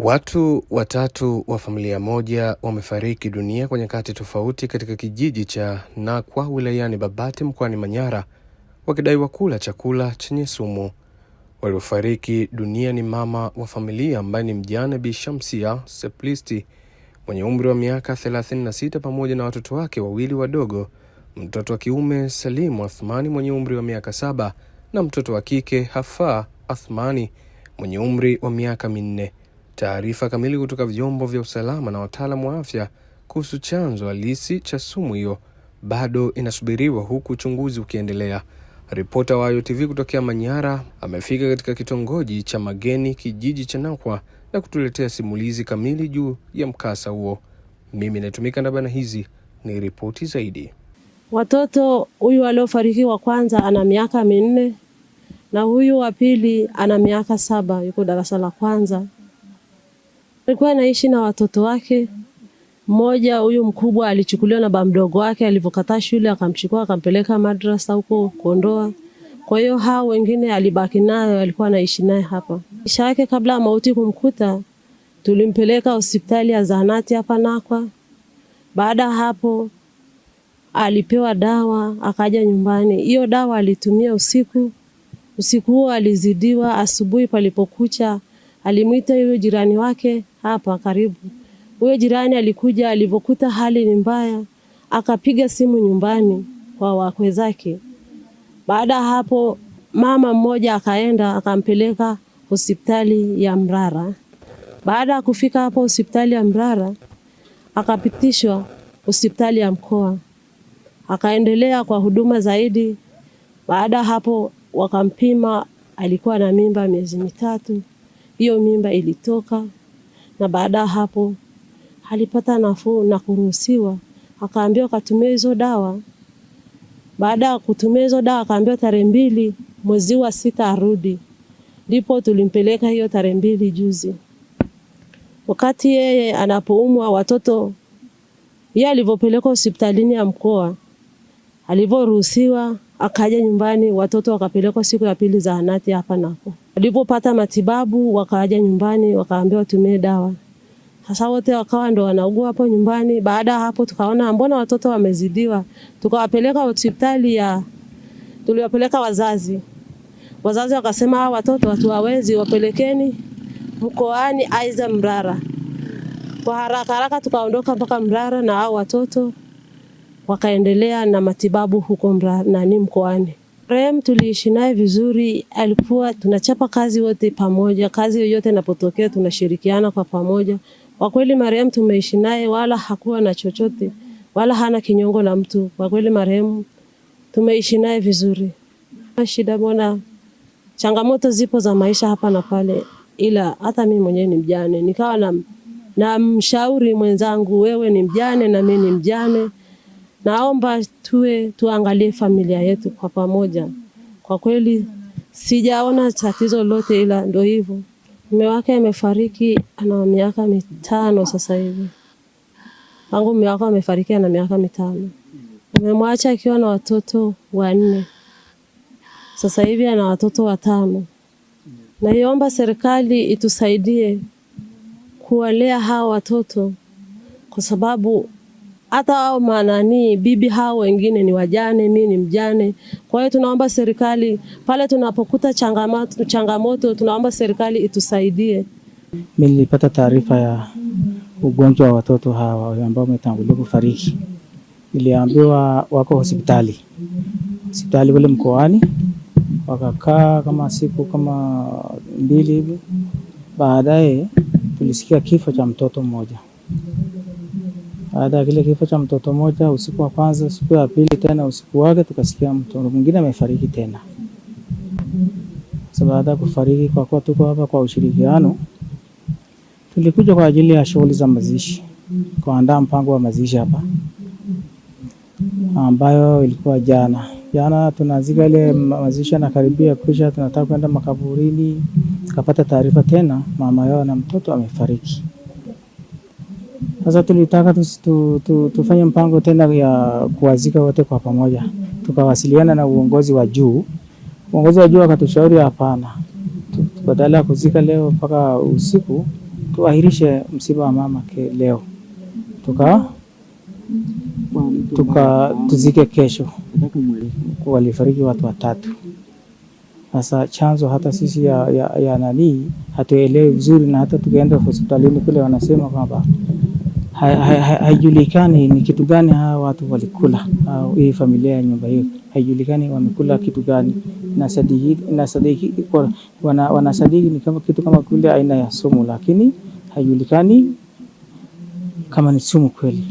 Watu watatu wa familia moja wamefariki dunia kwa nyakati tofauti katika kijiji cha Nakwa wilayani Babati mkoani Manyara wakidaiwa kula chakula chenye sumu. Waliofariki dunia ni mama wa familia ambaye ni mjane Bi Shamsia Seplisti mwenye umri wa miaka 36 pamoja na watoto wake wawili wadogo, mtoto wa kiume Salimu Athmani mwenye umri wa miaka saba na mtoto wa kike Hafa Athmani mwenye umri wa miaka minne. Taarifa kamili kutoka vyombo vya usalama na wataalamu wa afya kuhusu chanzo halisi cha sumu hiyo bado inasubiriwa huku uchunguzi ukiendelea. Ripota wa Ayo kutokea Manyara amefika katika kitongoji cha Mageni, kijiji cha Nakwa, na kutuletea simulizi kamili juu ya mkasa huo. Mimi natumika na bana, hizi ni ripoti zaidi. Watoto, huyu aliofariki wa kwanza ana miaka minne na huyu wa pili ana miaka saba, yuko darasa la kwanza. Alikuwa anaishi na watoto wake. Mmoja huyu mkubwa alichukuliwa na ba mdogo wake, alivyokataa shule akamchukua akampeleka madrasa huko Kondoa. Kwa hiyo hao wengine alibaki nayo, alikuwa anaishi naye hapa. Maisha yake kabla ya mauti kumkuta, tulimpeleka hospitali ya zahanati hapa Nakwa. Baada hapo alipewa dawa akaja nyumbani. Hiyo dawa alitumia usiku. Usiku huo alizidiwa. Asubuhi palipokucha, alimwita yule jirani wake hapa karibu. Huyo jirani alikuja, alivyokuta hali ni mbaya, akapiga simu nyumbani kwa wakwe zake. Baada ya hapo, mama mmoja akaenda akampeleka hospitali ya Mrara. Baada ya kufika hapo hospitali ya Mrara, akapitishwa hospitali ya mkoa, akaendelea kwa huduma zaidi. Baada hapo wakampima, alikuwa na mimba miezi mitatu. Hiyo mimba ilitoka na baada ya hapo alipata nafuu na kuruhusiwa, akaambiwa akatumia hizo dawa. Baada ya kutumia hizo dawa akaambiwa tarehe mbili mwezi wa sita arudi, ndipo tulimpeleka hiyo tarehe mbili juzi. Wakati yeye anapoumwa watoto, yeye alivyopelekwa hospitalini ya mkoa, alivyoruhusiwa akaja nyumbani, watoto wakapelekwa siku ya pili zahanati hapa nako Walipopata matibabu wakaja nyumbani, wakaambiwa watumie dawa. Sasa wote wakawa ndo wanaugua hapo nyumbani. Baada ya hapo, tukaona mbona watoto wamezidiwa, tukawapeleka hospitali ya tuliwapeleka wazazi. Wazazi wakasema hawa watoto hatuwawezi, wapelekeni mkoani aiza Mrara. Kwa haraka haraka tukaondoka mpaka Mrara na hao watoto wakaendelea na matibabu huko Mrara nani mkoani. Rehema tuliishi naye vizuri, alikuwa tunachapa kazi wote pamoja, kazi yoyote inapotokea tunashirikiana kwa pamoja. Kwa kweli marehemu tumeishi naye, wala hakuwa na chochote wala hana kinyongo na mtu. Kwa kweli marehemu tumeishi naye vizuri. Shida mbona, changamoto zipo za maisha hapa na pale, ila hata mimi mwenyewe ni mjane, nikawa na na mshauri mwenzangu, wewe ni mjane na mimi ni mjane Naomba tuwe tuangalie familia yetu kwa pamoja. Kwa kweli sijaona tatizo lote ila ndo hivyo, mume wake amefariki ana miaka mitano sasa hivi, tangu mume wake amefariki ana miaka mitano. Amemwacha akiwa na watoto wanne, sasa hivi ana watoto watano. Naiomba serikali itusaidie kuwalea hawa watoto kwa sababu hata hao manani bibi hao wengine ni wajane, mi ni mjane. Kwa hiyo tunaomba serikali pale tunapokuta changamoto, changamoto tunaomba serikali itusaidie. mi nilipata taarifa ya ugonjwa wa watoto hawa ambao wametangulia kufariki, niliambiwa wako hospitali hospitali kule mkoani, wakakaa kama siku kama mbili hivi, baadaye tulisikia kifo cha mtoto mmoja baada ya kile kifo cha mtoto mmoja usiku wa kwanza, siku ya pili tena usiku wake tukasikia mtu mwingine amefariki tena. Sasa baada ya kufariki, kwa kuwa tuko hapa kwa ushirikiano, tulikuja kwa ajili ya shughuli za mazishi, kuandaa mpango wa mazishi hapa, ambayo ilikuwa jana jana. Tunazika ile mazishi anakaribia kisha tunataka kwenda makaburini, kapata taarifa tena mama yao na mtoto amefariki. Sasa tulitaka tu, tu, tufanye mpango tena ya kuwazika wote kwa pamoja. Tukawasiliana na uongozi wa juu, uongozi wa juu akatushauri hapana, badala ya kuzika leo mpaka usiku tuahirishe msiba wa mama ke leo tuka, tuka tuzike kesho. Walifariki watu watatu. Sasa chanzo hata sisi ya, ya, ya nanii hatuelewi vizuri, na hata tukaenda hospitalini kule wanasema kwamba haijulikani ni kitu gani hawa watu walikula, hii familia ya nyumba hiyo haijulikani wamekula kitu gani. Wanasadiki ni kama kitu kama kule aina ya sumu, lakini haijulikani kama ni sumu kweli.